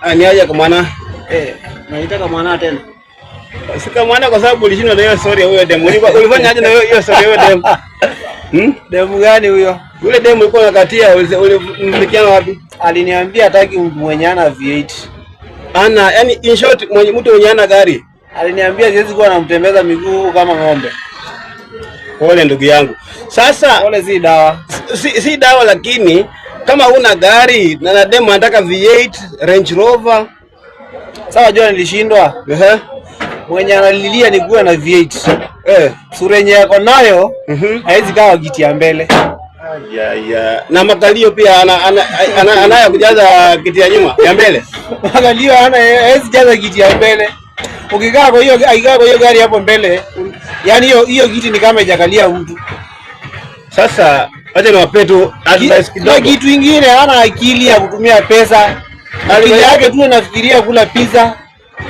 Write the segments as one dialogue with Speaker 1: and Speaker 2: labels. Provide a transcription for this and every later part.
Speaker 1: Ah, ni kwa mwana?
Speaker 2: Eh, naitaka mwana tena.
Speaker 1: Sika mwana kwa sababu ulishinda na hiyo story huyo demu. Ulifanya aje na hiyo story huyo demu? Hmm? Demu gani huyo? Yule demu ulikuwa unakatia ulimlikiana wapi?
Speaker 2: Aliniambia hataki mtu mwenye ana V8.
Speaker 1: Ana, yani in short mwenye mtu mwenye ana gari.
Speaker 2: Aliniambia siwezi kuwa namtembeza miguu kama ng'ombe.
Speaker 1: Pole ndugu yangu. Sasa
Speaker 2: pole si dawa.
Speaker 1: Si, si dawa lakini kama huna gari na na demo anataka V8 Range Rover, sawa, jua nilishindwa. Ehe, mwenye analilia ni kuwa na V8 eh, sura yenye yako nayo mhm. haizi kawa kiti ya mbele
Speaker 2: ya, ya.
Speaker 1: Na makalio pia ana, anayo kujaza kiti ya nyuma ya mbele makalio ana haizi jaza kiti ya mbele. Ukikaa kwa hiyo aikaa kwa hiyo gari hapo mbele, yani hiyo hiyo kiti ni kama ijakalia mtu sasa Acha niwape tu advice kidogo. Na kitu ingine hana akili ya kutumia pesa. Akili yake tu anafikiria kula pizza,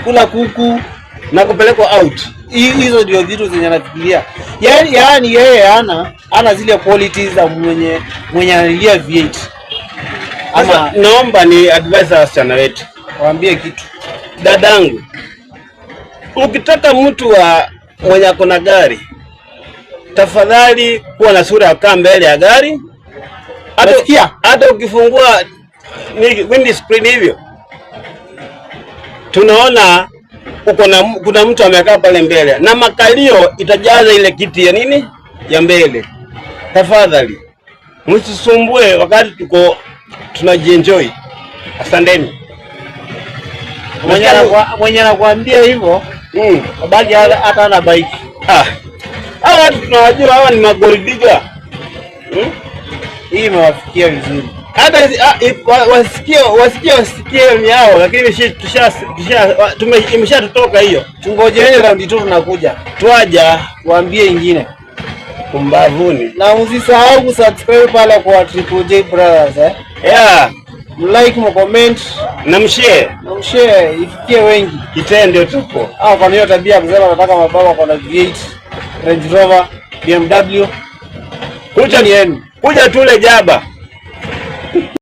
Speaker 1: kula kuku na kupelekwa out. Hizo ndio vitu zenye anafikiria. Yaani yaani yeye hana hana zile qualities za mwenye mwenye analia V8.
Speaker 2: Ama naomba ni advice wasichana wetu.
Speaker 1: Waambie kitu. Dadangu, ukitaka mtu wa mwenye ako na gari tafadhali kuwa na sura ya kaa mbele ya gari. Hata ukifungua windscreen hivyo tunaona na kuna mtu amekaa pale mbele na makalio itajaza ile kiti ya nini ya mbele. Tafadhali msisumbue wakati tuko tunajienjoy. Asanteni. Mwenye anakuambia hivyo, mm. baadhi hata ana bike ah hawa watu tunawajua, hawa ni magoldiga hmm?
Speaker 2: Hii imewafikia vizuri,
Speaker 1: hata ah, wasikie wasikie wasikie yao, lakini imeshatutoka hiyo.
Speaker 2: Tungojeeni raundi tu, tunakuja
Speaker 1: twaja tuambie ingine
Speaker 2: kumbavuni,
Speaker 1: na usisahau kusubscribe pale kwa Triple J Brothers eh? Yeah. Mlike, comment
Speaker 2: na mshare.
Speaker 1: Na mshare ifikie wengi,
Speaker 2: kitendo tupo.
Speaker 1: hapa. Ah, kwa hiyo tabia kusema nataka mababa kwa na V8 Range Rover, BMW. Kuja ni yenu, kuja tule jaba.